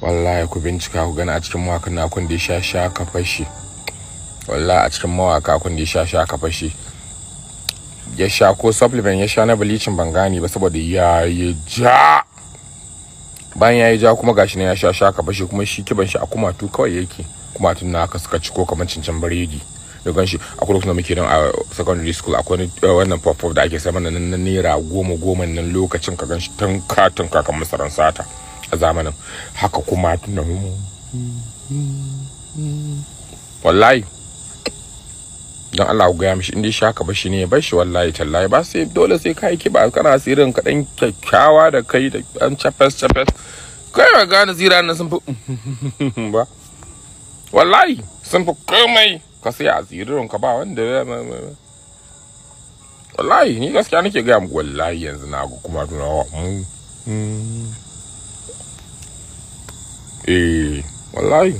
wallahi ku bincika ku gani a cikin mawakan na kun da ya sha ka wallahi a cikin mawaka kun da ya sha sha ka fashi ya sha ko supplement ya sha na bleaching ban gane ba saboda ya yi ja bayan ya yi ja kuma gashi na ya sha sha ka fashi kuma shi kiban shi a kumatu kawai yake kumatun na haka suka ci ko kamar cincin biredi da ganshi akwai lokacin da muke nan a secondary school akwai eh, wannan pop da ake da nan na naira goma goma nan lokacin ka ganshi tanka tanka kamar saran sata a zamanin haka kuma tunan wallahi don Allah gaya mishi inda shi haka bashi ne bashi wallahi tallahi ba sai dole sai ka yi ba kana sirrin ka dan kyakkyawa da kai da dan chapes chapes kai ba gane zira nan sun fi ba wallahi sun fi komai ka sai a ka ba wanda wallahi ni gaskiya nake gaya mu wallahi yanzu na kuma tunawa mu Eh, walay.